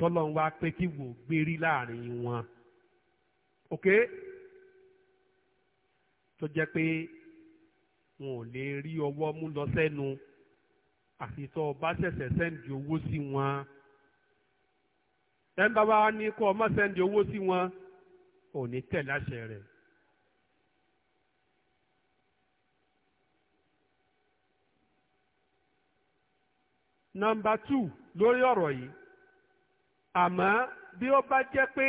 tọ́lọ́run wá pé kí wò gbérí láàrin wọn ok tó jẹ́ pé wọn ò lè rí ọwọ́ mú lọ sẹ́nu àfi tó o bá ṣẹ̀ṣẹ̀ sẹ́ǹdì owó sí wọn ẹ̀ ń bá wa ní kó o má sẹ́ǹdì owó sí wọn ò ní tẹ̀ láṣẹ rẹ̀. nọ́mbà two lórí ọ̀rọ̀ yìí àmọ́ bí ó bá jẹ́ pé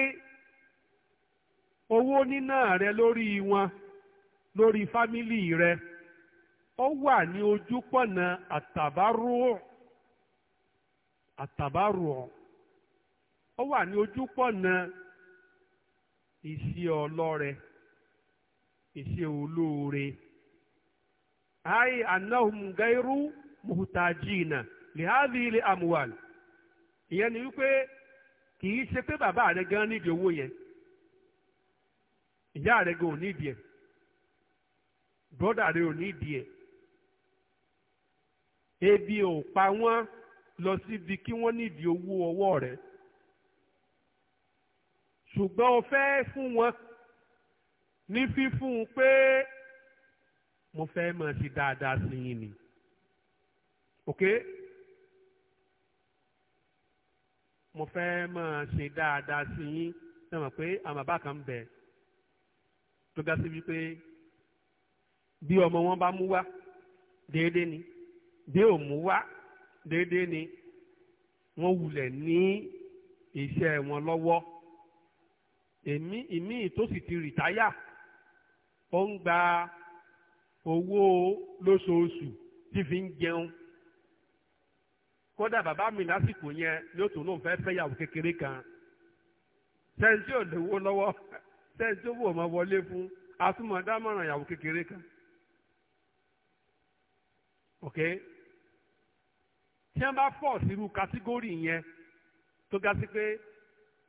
owó níná rẹ lórí wọn lórí fámìlì rẹ ó wà ní ojúpọ̀nà àtàbárò àtàbárò ó wà ní ojúpọ̀nà ìṣe ọlọ́rẹ ìṣe olóore ayi iru gairu muhutajina lihadi li amuwal ìyẹn ni wípé kì í ṣe pé bàbá rẹ gan nídìí owó yẹn ìyá rẹ gan ò nídìí ẹ bọ́dà rẹ ò nídìí ẹ ebi ò pa wọ́n lọ síbi kí wọ́n nídìí owó ọwọ́ rẹ ṣùgbọ́n o fẹ́ fún wọn ní fífún un pé mo fẹ́ máa ṣe dáadáa sí yín ni ok. mo fẹ́ máa ṣe dáadáa sí yín ṣe mọ̀ pé àwọn bàbá kan bẹ̀ tó ga sí wípé bí ọmọ wọn bá mú wá déédéé ni bí ò mú wá déédéé ni wọ́n wulẹ̀ ní iṣẹ́ wọn lọ́wọ́ èmi ìmí tó sì ti rìtáyà ó ń gba owó lóṣooṣù tí fi ń jẹun kódà bàbá mi lásìkò yẹn yóò tún lóun fẹ́ fẹ́yàwó kékeré kan sẹ́ńtì ò lówó lọ́wọ́ sẹ́ńtì ò wò ma wọlé fún atúmọ̀dámọ̀ràn ìyàwó kékeré kan ok tí wọ́n bá fọ̀ sírú kátígórì yẹn tó ga sí pé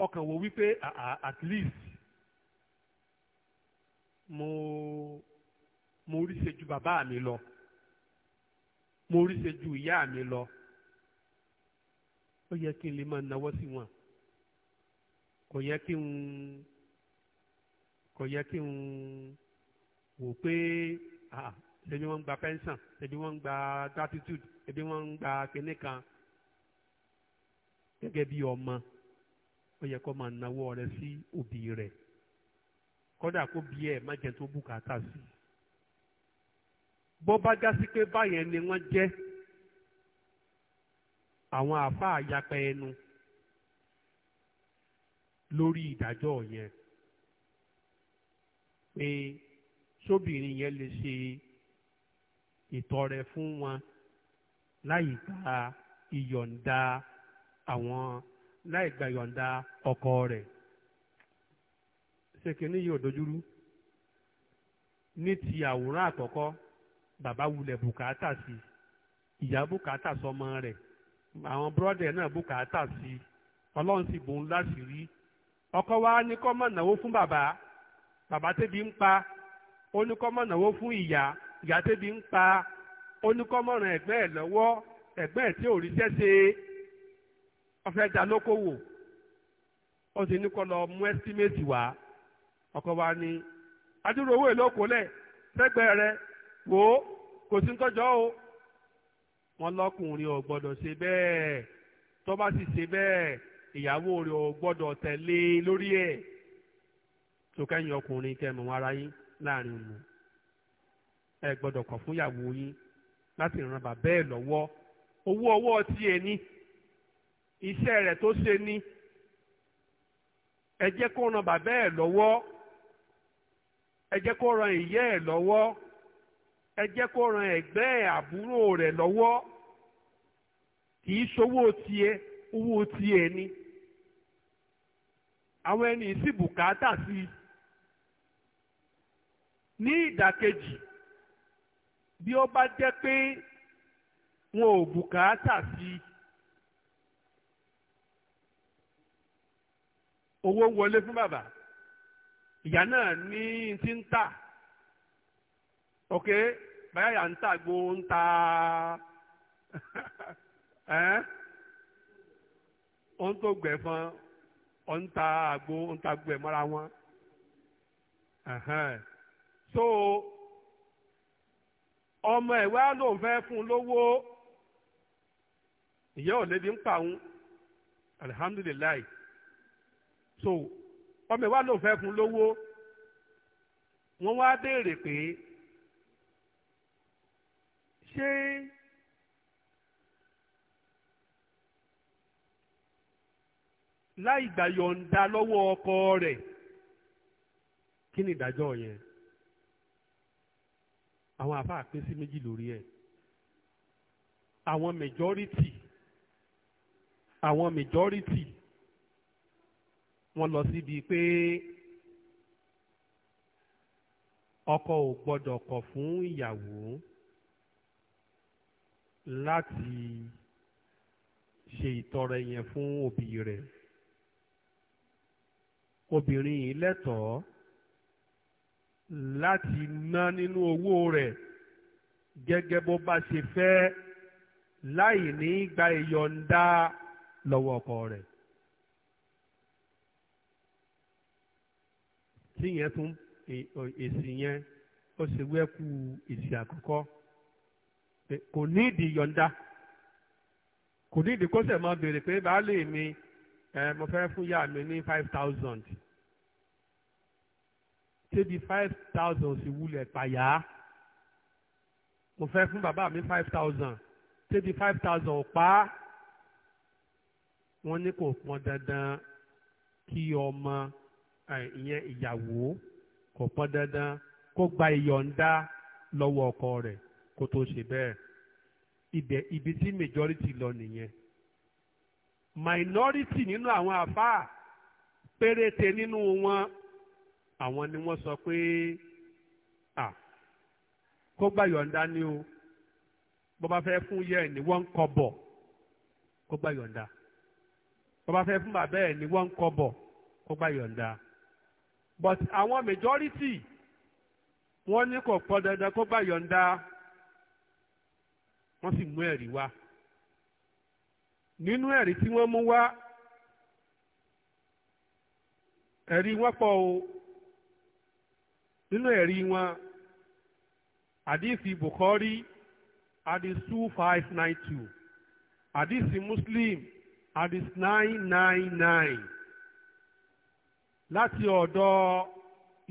ọkàn wò wípé at least mo mo rí ṣe ju bàbá mi lọ mo rí ṣe ju ìyá mi lọ ó yẹ kí n lè máa náwó sí wọn kò yẹ kí n kò yẹ kí n wò pé ṣebí wọ́n ń gba pension ṣebí wọ́n ń gba gratitude ṣebí wọ́n ń gba kinní kan gẹ́gẹ́ bí ọmọ ó yẹ kó máa náwó rẹ̀ sí òbí rẹ̀ kódà kó bí ẹ̀ má jẹ́ tó bùkátà sí bó bá já sí pé báyẹn ni wọ́n jẹ́ àwọn àáfàá yapa ẹnu lórí ìdájọ́ yẹn pé sóbìnrin yẹn lè ṣe ìtọrẹ fún wọn láì gba ìyọ̀ǹda àwọn láì gba ìyọ̀ǹda ọkọ rẹ̀ ṣé kìíní yìí ò dojúrú ní ti àwòrán àkọ́kọ́ bàbá wulẹ̀ bùkátà sí ìyá bùkátà sọmọ rẹ̀ àwọn búrọ́dẹ̀ náà bùkátà sí i ọlọ́run sì bò ń láṣìírí fún bàbá bàbá tẹ́bi ń pa ó ní náwó fún ìyá ìyá tẹ́bi ń pa ó ní kó má ràn ẹ̀gbẹ́ ẹ̀ lọ́wọ́ ẹ̀gbẹ́ ẹ̀ tí ò rí sẹ́sẹ́ wa ní adúrò owó sẹ́gbẹ́ wọn lọ́kùnrin ò gbọdọ ṣe bẹ́ẹ̀ tó bá sì ṣe bẹ́ẹ̀ ìyàwó rẹ̀ ò gbọ́dọ̀ tẹ̀lé lórí ẹ̀ tó ọkùnrin kẹ́ mọ̀ ara yín láàrin òun ẹ kọ̀ fún ìyàwó yín láti ràn bàbá owó tó ni ẹ bàbá ẹ kó ràn ìyá ẹ kì í ṣowó tiẹ̀ owó tiẹ̀ ni àwọn ẹni sì bùkátà sí i ní ìdàkejì bí ó bá jẹ́ pé wọn ò bùkátà sí i owó wọlé fún bàbá ìyá náà ní ti ń tà ok báyà ń tà gbó ń ta ẹ́n ohun tó gbẹ̀fọn ọ̀n ta àgbo ọ̀n ta gbẹ̀ mọ́ra wọn so ọmọ ẹ̀ wá lòun fẹ́ fún un lówó ìyá ò lébi ń pa òun alihamdulilayi so ọmọ ẹ̀ wá lòun fẹ́ fún un lówó wọ́n wá béèrè pé ṣé. láì da lọ́wọ́ ọkọ rẹ̀ kí ni ìdájọ́ yẹn àwọn àfáà pín sí méjì lórí ẹ̀ àwọn majority àwọn majority wọ́n lọ síbi pé ọkọ ò gbọ́dọ̀ kọ̀ fún ìyàwó láti ṣe ìtọrẹ yẹn fún òbí rẹ̀ obìnrin yìí lẹ́tọ̀ọ́ láti ná nínú owó rẹ̀ gẹ́gẹ́ bó bá ṣe fẹ́ láì ní gba ìyọ̀ǹda lọ́wọ́ ọkọ rẹ̀. tí yẹn tún èsì yẹn ó ṣe wẹ́kú èsì àkọ́kọ́ kò nídìí yọ̀ǹda kò nídìí kó sẹ̀ máa béèrè pé baálé mi ẹ mo fẹ́ fún yá mi ní five thousand tẹ́bi five thousand sì wulẹ̀ pàyà mo fẹ́ fún bàbá mi five thousand tẹ́bi five thousand ò pa á wọ́n ní kò pọn dandan kí ọmọ ìyẹn ìyàwó kò pọn dandan kó gba ìyọ̀ǹda lọ́wọ́ ọkọ rẹ̀ kó tó ṣe bẹ́ẹ̀ ibẹ̀ ibi tí majority lọ nìyẹn minority nínú àwọn àfáà péréte nínú wọn àwọn ni wọ́n sọ pé à kó gbà yọ̀ǹda ni o bó bá fẹ́ fún yẹ́ ẹ̀ ní wọ́n ń kọ bọ̀ kó gbà yọ̀ǹda bó bá fẹ́ fún bàbá ẹ̀ ní wọ́n ń kọ bọ̀ kó gbà yọ̀ǹda but àwọn majority wọ́n ní kò pọ̀ dandan kó gbà yọ̀ǹda wọ́n sì mú ẹ̀rí wá nínú ẹ̀rí tí wọ́n mú wá ẹ̀rí wọ́n pọ̀ o nínú ẹ̀rí wọn àdìsí Bukhari àdìsí two five nine two àdìsí Muslim àdìsí nine nine nine láti ọ̀dọ̀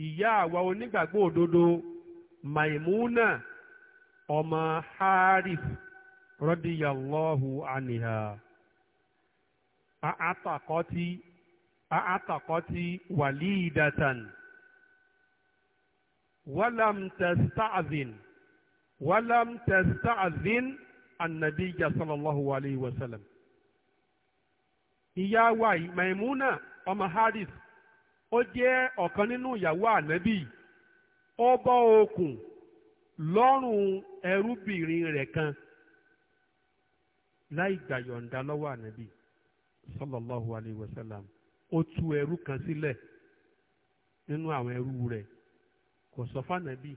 ìyá àwa onígbàgbọ́ òdodo Maimuna ọmọ Harith rọ́díyàlọ́hù àníhà àátàkọ́tí àátàkọ́tí wàlíìdátàn. ولم تستأذن ولم a النبي صلى الله عليه وسلم ìyá wa Maimuna ọmọ Haris ó jẹ ọ̀kan nínú ìyàwó ànábì ó bọ okùn lọ́rùn ẹrúbìnrin rẹ kan láì gbàyọ̀ǹda lọ́wọ́ ànábì sallallahu alayhi wa sallam ó tú ẹrú kan sílẹ̀ nínú àwọn ẹrú kò sọ fànàbì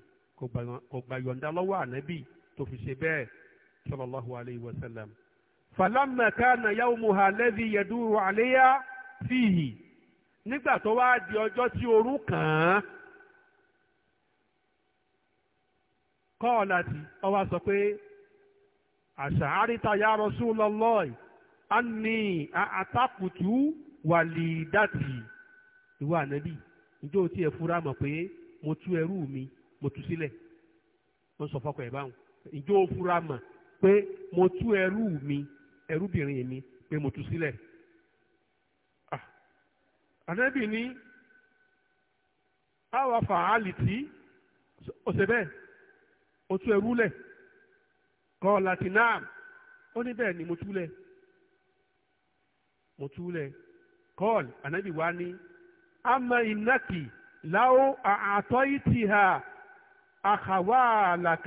kò gbà yọ̀ǹda lọ́wọ́ ànábì tó fi ṣe bẹ́ẹ̀ sallallahu alayhi wa sallam. falamma kana yawmuha alladhi yaduru alayya fihi nígbà tó wá di ọjọ́ tí òru kàn án kọ́ọ̀láti ó wá sọ pé àṣàárítà ya Rasulullah anni àtàkùtù wàlídàtì ìwà ànábì ìjọ́ tí ẹ fura mọ̀ pé mo tú ẹrú mi mo tú sílẹ̀ wọ́n sọ fọkọ ẹ̀ báwọn ìjọ òfurá mà pé mo tú ẹrú mi ẹrúbìnrin mi pé mo tú sílẹ̀. Ah, ànábì ní àwa fàálìtì ọ̀sẹ̀ bẹ́ẹ̀ o tú ẹrú lẹ̀ kọ́ latinam ó ní bẹ́ẹ̀ ni mo tú lẹ̀ mo tú lẹ̀ kọ́ọ̀lù ànábì wá ní ama inaki. لو أعطيتها أخوالك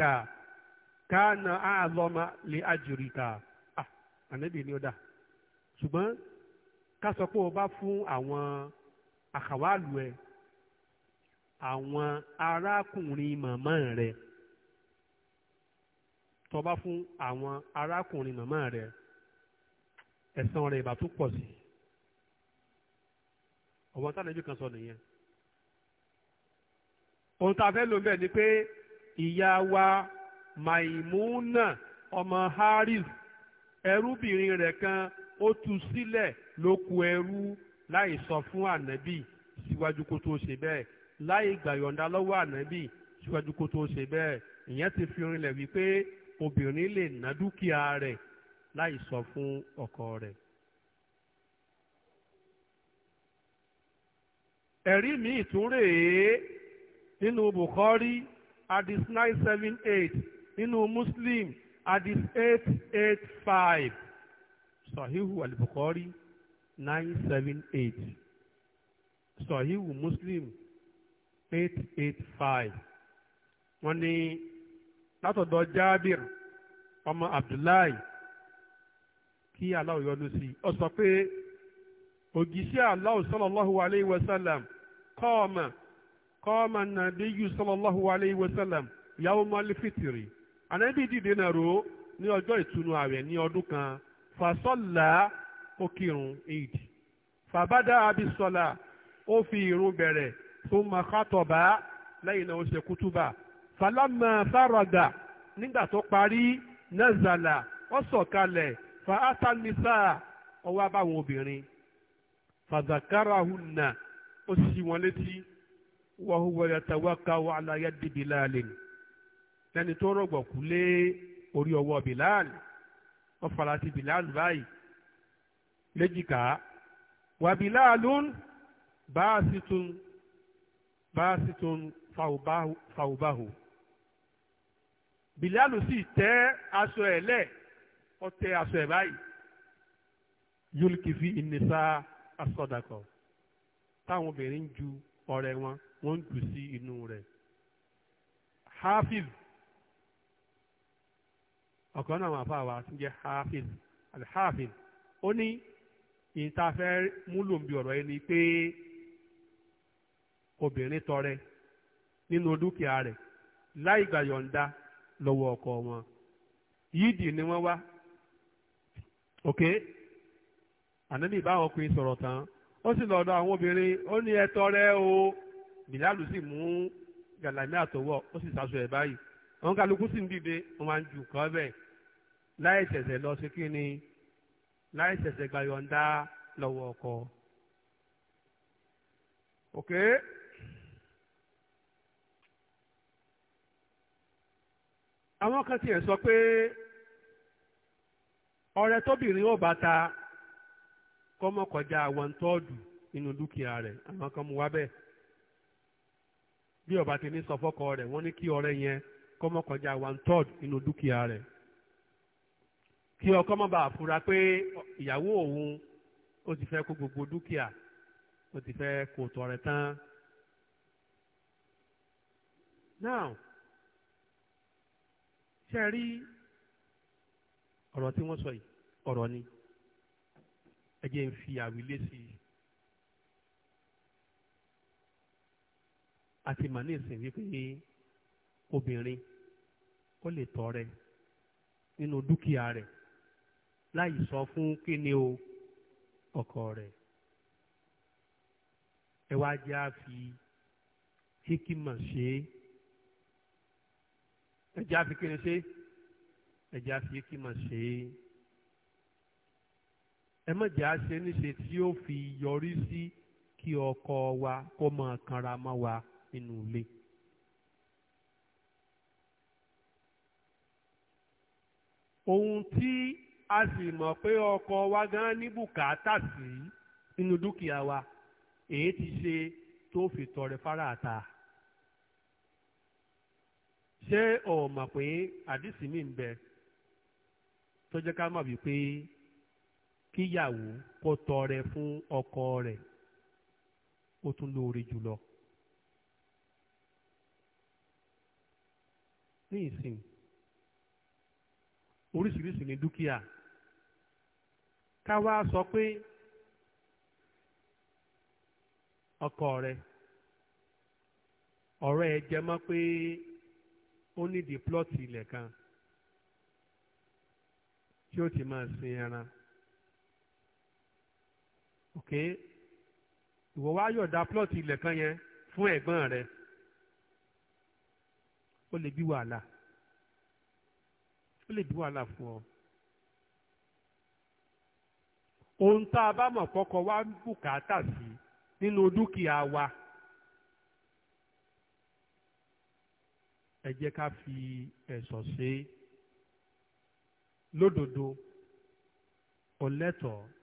كان àlàkà kánà àlọ́mà lè àjùríkà ànábì ni ó dà ṣùgbọ́n ká sọ pé o bá fún àwọn àkàwà àlù ẹ àwọn arákùnrin màmá rẹ tó bá fún àwọn arákùnrin màmá rẹ ẹ̀san rẹ̀ ìbá pọ̀ sí ọ̀wọ́n tánàbí kan sọ nìyẹn ohun tá a fẹ́ lò bẹ́ẹ̀ ni pé ìyá wa Maimuna ọmọ Harith ẹrúbìnrin rẹ̀ kan ó tú sílẹ̀ ló ku ẹrú láì sọ fún ànábì síwájú kó tó ṣe bẹ́ẹ̀ láì gbàyọ̀ǹda lọ́wọ́ ànábì síwájú kó tó ṣe bẹ́ẹ̀ ìyẹn ti fi rinlẹ̀ wípé obìnrin lè ná dúkìá rẹ̀ láì sọ fún ọkọ rẹ̀. ẹ̀rí mi ìtúnrèé nínú Bukhari hadith nine seven eight nínú Muslim hadith eight eight five sahihu al-Bukhari nine seven eight sahihu Muslim eight eight five wọ́n ní látọ̀dọ̀ Jabir ọmọ Abdullahi kí Allah yọ́nú sí ọ sọ pé ògìṣẹ́ Allah sallallahu alayhi wa sallam kọ́ ọmọ kọ́ọ̀mà nàbíyù sọlọ́láhu aleyhi wasalam yàwó malifitiri ànábì dìde nàró ní ọjọ́ ìtúnu ààwẹ̀ ní ọdún kan fasọ́là ó kírun eid fàbádà abisọ́là ó fi irun bẹ̀rẹ̀ tó máa kátọ̀bá lẹ́yìn náà ó ṣe kútúbà fàlámà fàràgà nígbà tó parí nàzàlà ó sọ̀kalẹ̀ fàátánnísà ọwọ́ abáwọn obìnrin fàzàkárà hùnà ó sì wọn létí wàhùwà yàtàwákà wà láyà di bilali lẹ́ni tó rọ̀gbọ̀kú lé orí ọwọ́ bilali wọ́n farasí bilali báyìí léjìká wà bilalu báàsìtún báàsìtún fàwùbáhù bilalu sì tẹ́ aṣọ ẹ̀ lẹ̀ ó tẹ́ aṣọ ẹ̀ báyìí yulkifi ìnisa asọdakọ táwọn obìnrin ju ọ̀rẹ́ wọn wọ́n ń tù sí inú rẹ̀ hafiz ọ̀kan náà wà fà wá tí ń jẹ́ hafiz alhafiz ó ní ìtafẹ́ múlò ń bi ọ̀rọ̀ yẹn ni pé obìnrin tọrẹ nínú dúkìá rẹ̀ láì gbàyọ̀ǹda lọ́wọ́ ọkọ wọn yídì ni wọ́n wá òkè ànábì bá ọkùnrin sọ̀rọ̀ tán ó sì lọ́dọ̀ àwọn obìnrin ó ní ẹ̀tọ́ rẹ o bìlálù sì mú gàlámì àtọwọ́ ó sì sàṣọ ẹ̀ báyìí àwọn kálukú sì ń dìde wọn máa ń jù kọ́ bẹ́ẹ̀ láì ṣẹ̀ṣẹ̀ lọ sí kínní láì ṣẹ̀ṣẹ̀ gbayọ̀ǹda lọ́wọ́ ọkọ. Okay? àwọn kan tiẹ̀ sọ pé ọrẹ tóbìnrin ò bá ta kọ́mọ́ kọjá one third nínú dúkìá rẹ̀ àwọn kan mú wá bẹ́ẹ̀ bí ọba ti ní sọ fọ́kọ rẹ̀ wọ́n ní kí ọ̀rẹ́ yẹn kọ́mọ́ kọjá one third nínú dúkìá rẹ̀ kí ọkọ má bàa fura pé ìyàwó òun ó ti fẹ́ kó gbogbo dúkìá ó ti fẹ́ kó tọrẹ tán. now ṣe rí ọ̀rọ̀ tí wọ́n sọ yìí ọ̀rọ̀ ni ẹ jẹ́ ń fi àwílé sí i. àti mà ní ìsìn wípé obìnrin ó lè tọrẹ nínú dúkìá rẹ̀ láì sọ fún kíni o ọkọ rẹ̀ ẹ wá jẹ́ á fi hikima ṣe é ẹ jẹ́ á fi kíni ṣe é ẹ jẹ́ á fi hikima ṣe é. ẹ má ṣe àṣẹ níṣe tí ó fi yọrí sí kí ọkọ wa kó máa kanra mọ́ wa nínú ilé. ohun tí a sì mọ̀ pé ọkọ wa gan ní bùkátà sí nínú dúkìá wa èyí ti ṣe tó fi tọrẹ fáráàta ṣé o mọ̀ pé àdìsí mi ń bẹ tó jẹ́ ká mọ̀ wípé kíyàwó kó tọrẹ fún ọkọ rẹ ó tún lóore jùlọ. ní ìsìn oríṣiríṣi ní dúkìá ká wá sọ pé ọkọ rẹ ọ̀rọ̀ ẹ jẹ mọ́ pé ó nídìí plọ́ọ̀tì ilẹ̀ kan tí ó ti máa sin ẹran ok ìwọ wá da plọ́ọ̀tì ilẹ̀ kan yẹn fún ẹ̀gbọ́n rẹ o lè bí wàhálà ó lè bí wàhálà fún ọ. ohun tá a bá mọ̀ kọ́kọ́ wá bùkátà sí nínú dúkìá wa ẹ jẹ́ ká fi ẹ̀sọ̀ ṣe lódodo ọ̀lẹ́tọ̀ọ́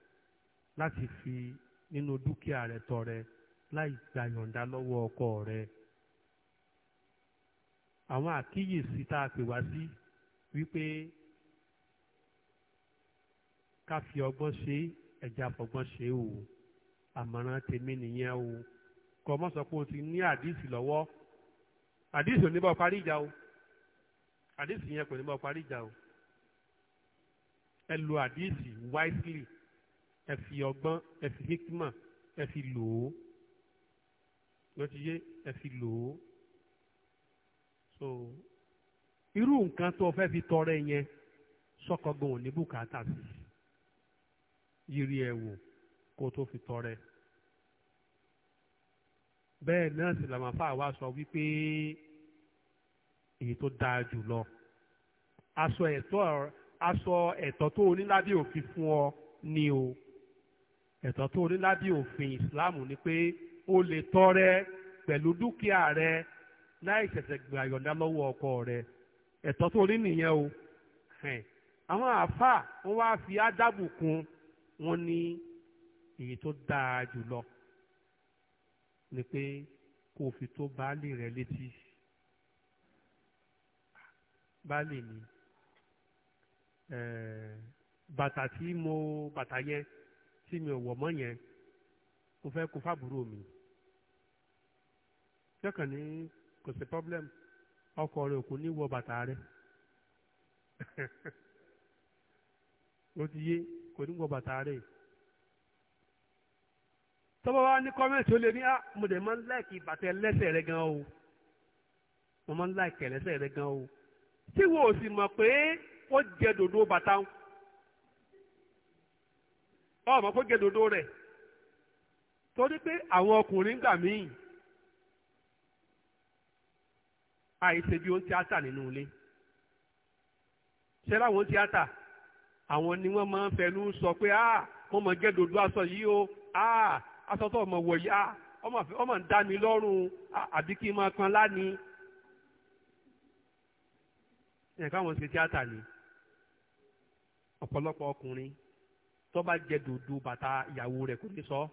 láti fi nínú dúkìá rẹ tọrẹ láì gba yọ̀ǹda lọ́wọ́ ọkọ rẹ àwọn àkíyèsí tá a pè wá sí wípé ká fi ọgbọ́n ṣe ẹ̀já fọgbọ́n ṣe o àmọ̀ràn tèmi nìyẹn o kọ́ mọ́ sọ pé o ti ní àdíìsì lọ́wọ́ àdíìsì ò ní bá parí ìjà o àdíìsì yẹn kò ní bá parí ìjà o ẹ lo àdíìsì wisely ẹ fi ọgbọ́n ẹ fi hikima ẹ fi lò ó lọ́tíyé ẹ fi lò ó so irú nǹkan tó o fẹ́ fi tọrẹ yẹn sọ́kọ̀gbọ̀n ò ní bùkátà sí yiri ẹ̀ kó o tó fi tọrẹ bẹ́ẹ̀ náà sì làwọn afáàwá sọ wípé èyí tó dáa jù lọ aṣọ ẹ̀tọ́ aṣọ ẹ̀tọ́ tó o ní lábẹ́ òfin fún ọ ni o ẹ̀tọ́ tó ní lábẹ́ òfin ìsìláàmù ni pé o lè tọrẹ pẹ̀lú dúkìá rẹ láì ṣẹ̀ṣẹ̀ gbà yọ̀ǹda lọ́wọ́ ọkọ rẹ ẹ̀tọ́ tó ní nìyẹn o àwọn àáfàá wọn wá fi ádàbù kún wọn ní èyí tó dáa jùlọ ni pé kó fi tó baálé rẹ létí baálé mi bàtà tí mo bàtà yẹn tí mi ò wọ̀ mọ́ yẹn mo fẹ́ kó fábùrò mi kẹ́kàn ní kò sí pọ́blẹ́mù ọkọ rẹ̀ kò ní wọ bàtà rẹ̀ ó ti yé kò ní wọ bàtà rẹ̀ tọ́wọ́ wá ní kọ́mẹ́ǹtì ó lè ní ah mo dẹ̀ máa ń láìkì bàtà ẹlẹ́sẹ̀ rẹ̀ gan o mo máa ń láìkì ẹlẹ́sẹ̀ rẹ̀ gan o tí wo ò sì mọ̀ pé ó jẹ dòdò bàtà ọmọ pé rẹ rẹ̀ torí pé àwọn ọkùnrin gbà míì àìsè bí ó ń tíátà nínú ilé ṣé láwọn tíátà àwọn ni wọ́n máa ń fẹnu sọ pé a ma mọ̀ gẹ́dọ̀dọ̀ aṣọ yìí o a aṣọ tó ọmọ wọ̀ yá ọmọ ń dá mi lọ́rùn àbí kí n máa kan láni. ẹ̀ka wọn ṣe tíátà ni ọ̀pọ̀lọpọ̀ ọkùnrin tó bá jẹ dòdò bàtà ìyàwó rẹ̀ kò ní sọ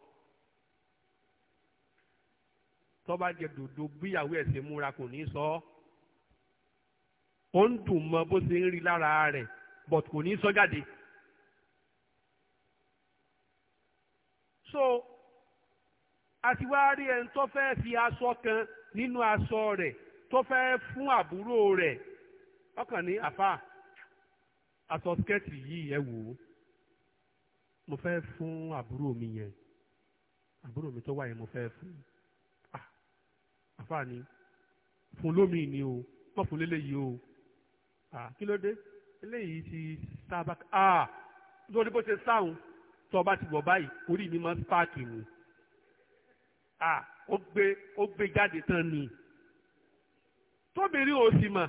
tó bá jẹ dòdò bí ìyàwó ẹ̀ ṣe múra kò ní sọ ó ń dùn mọ́ bó ṣe ń rí lára rẹ̀ but kò ní sọ jáde. so a ti wá rí ẹni tó fẹ́ fi aṣọ kan nínú aṣọ rẹ̀ tó fẹ́ fún àbúrò rẹ̀ ọkàn ní àfà aṣọ skẹ́ẹ̀tì yìí ẹ wò ó mo fẹ́ fún àbúrò mi yẹn àbúrò mi tó wà yẹn mo fẹ́ fún ah àfààní fún lómi ni o wọ́n fún léléyìí o ah kí ló dé eléyìí ti sábà ah lórí bó ṣe sáhùn tó o bá ti wọ̀ báyìí orí mi máa ń páàkì mu ah ó gbé ó gbé jáde tán ni tóbìnrin ò sì mà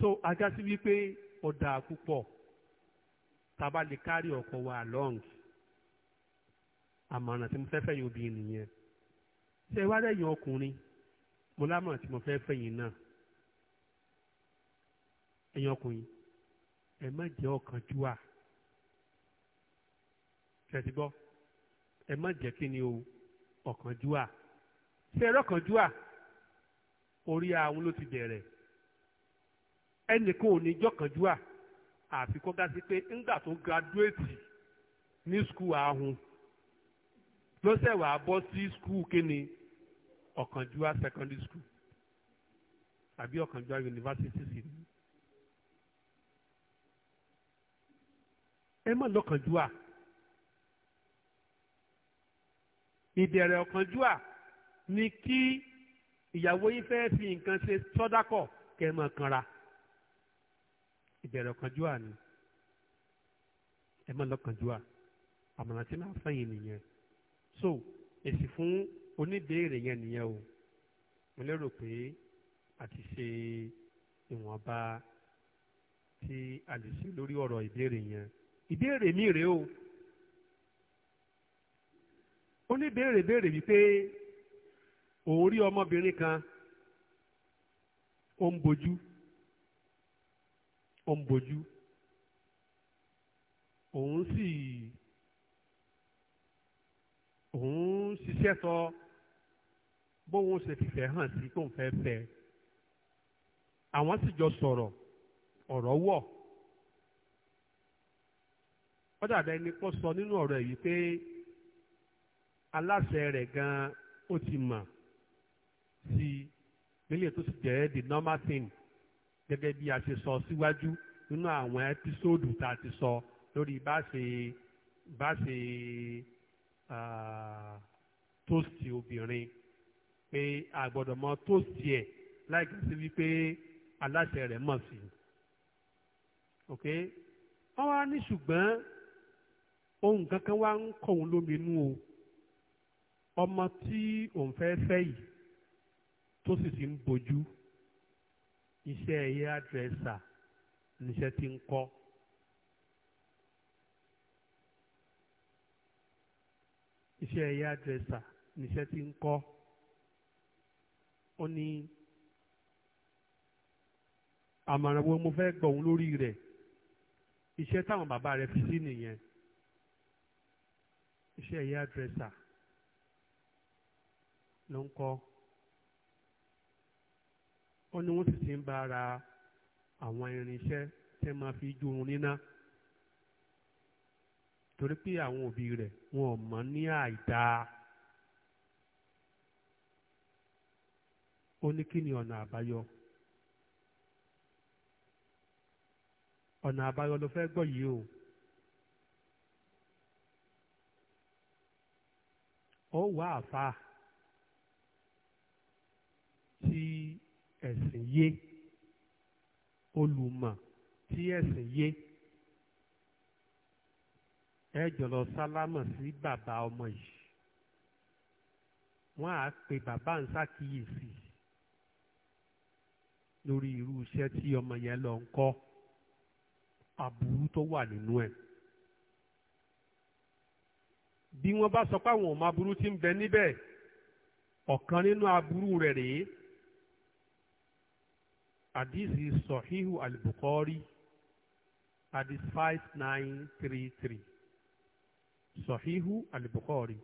so ajá sí wípé ọ̀dà púpọ̀. Taba bá lè kárí ọkọ wa long àmọ̀ràn tí mo fẹ́ fẹ́ yín obìnrin nìyẹn ṣé ẹ wá lẹ́yìn ọkùnrin mo lámọ̀ràn tí mo fẹ́ fẹ́ yín náà ẹ̀yin ọkùnrin ẹ má jẹ́ ọ̀kánjúwà tẹ̀sí gbọ́ ẹ má jẹ́ kí ni o ọ̀kánjúwà ṣé ẹ rọ́kànjúwà orí àwọn ló ti bẹ̀rẹ̀ ẹnìkan ò ní jọ́kànjúwà àfi kó gá sí pé ńgbà tó gradúétì ní skul ahun ló ṣẹ̀wá bọ́ sí skul kíni ọ̀kànjúwá secondary school àbí ọ̀kànjúwá university sì ni. ẹ má lọ́kànjúwá ìbẹ̀rẹ̀ ọ̀kànjúwá ni kí ìyàwó yín fẹ́ fi nǹkan ṣe sọ́dákọ̀ kẹ́ ẹ mọ̀ kanra ìbẹ̀rẹ̀ ọ̀kánjúwà ni ẹ má lọ́kànjúwà àmọ̀ràn tí máa fẹ́ yín nìyẹn so èsì fún oníbèéèrè yẹn nìyẹn o mo lérò pé a ti ṣe ìwọ̀nba tí a lè ṣe lórí ọ̀rọ̀ ìbéèrè yẹn ìbéèrè mi rèé o oníbèéèrè béèrè wípé òun rí ọmọbìnrin kan ó ń bojú ó ń bojú òun sì òun ṣiṣẹ́ sọ bóun ṣe fìfẹ́ hàn sí kóun fẹ́ fẹ́ àwọn sì jọ sọ̀rọ̀ ọ̀rọ̀ wọ̀ ó dàbí ẹni kó sọ nínú ọ̀rọ̀ yìí pé aláṣẹ rẹ̀ gan-an ó ti mọ̀ sí i nílé tó sì jẹ́ the normal thing gẹ́gẹ́ bí a ṣe sọ síwájú nínú àwọn ẹ́písòdù tá a ti sọ lórí bá ṣe bá ṣe tóòsì obìnrin pé a gbọ́dọ̀ mọ tóòsì ẹ̀ láìka sí wípé aláṣẹ rẹ̀ mọ̀ sí i ok wọ́n wá ní ṣùgbọ́n ohun kankan wá ń kọ òun lóminú o ọmọ tí òun fẹ́ fẹ́ yìí tó sì ti ń bojú iṣẹ́ ẹ̀yẹ àdírẹ́sà níṣẹ́ tí ń kọ́. iṣẹ́ ẹ̀yẹ àdírẹ́sà níṣẹ́ tí ń kọ́. ó ní àmọ̀ràn wo mo fẹ́ gbọ̀hún lórí rẹ̀ iṣẹ́ táwọn bàbá rẹ̀ fi sí nìyẹn iṣẹ́ ẹ̀yẹ àdírẹ́sà ló ń kọ́. wọ́n ní wọ́n sì ti ń bá ara àwọn irinṣẹ́ tẹ́ máa fi jórun níná torí pé àwọn òbí rẹ̀ wọn ò mọ̀ ní àìdá ó ní kí ni ọ̀nà àbáyọ ọ̀nà àbáyọ ló fẹ́ gbọ́ yìí o ó wá ẹ̀sìn yé olùmọ̀ tí ẹ̀sìn yé ẹ jọlọ sálámọ̀ sí bàbá ọmọ yìí wọ́n á pe bàbá ń ṣàkíyèsí lórí irú iṣẹ́ tí ọmọ yẹn lọ ń kọ́ aburú tó wà nínú ẹ̀ bí wọ́n bá sọ pé àwọn ò aburú tí ń bẹ níbẹ̀ ọ̀kan nínú aburú rẹ̀ rèé àdìsí sọ̀híhù àlùbùkọ́rí àdìs five nine three three sọ̀híhù àlùbùkọ́rí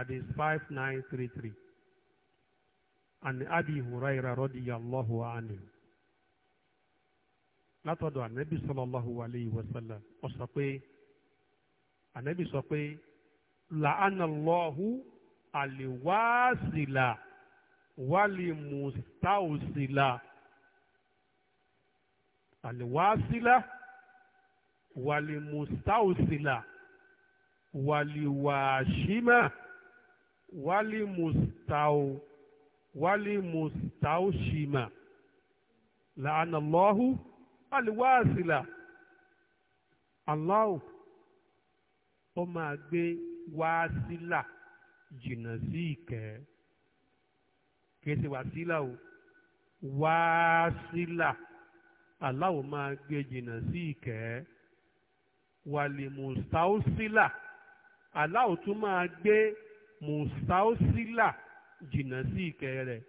àdìs five nine three three àni abi huraira radiyallahu anhu látọ̀dọ̀ ànábì sallallahu alayhi wa sallam ó sọ pé ànábì sọ pé la'anallahu àlèwàásìlà wàlìmùsítáòsìlà aliwasila walimustausila waliwashima walimustau walimustaushima la'anallahu aliwasila Allah ó máa gbé wàásílà jìnnà sí ìkẹ́ kìí ṣe wàásílà o wàásílà aláwo máa gbé jìnnà sí ìkẹ́ wàlìmùsáósílà aláwo tún máa gbé mùsáósílà jìnnà sí ìkẹ́ rẹ̀.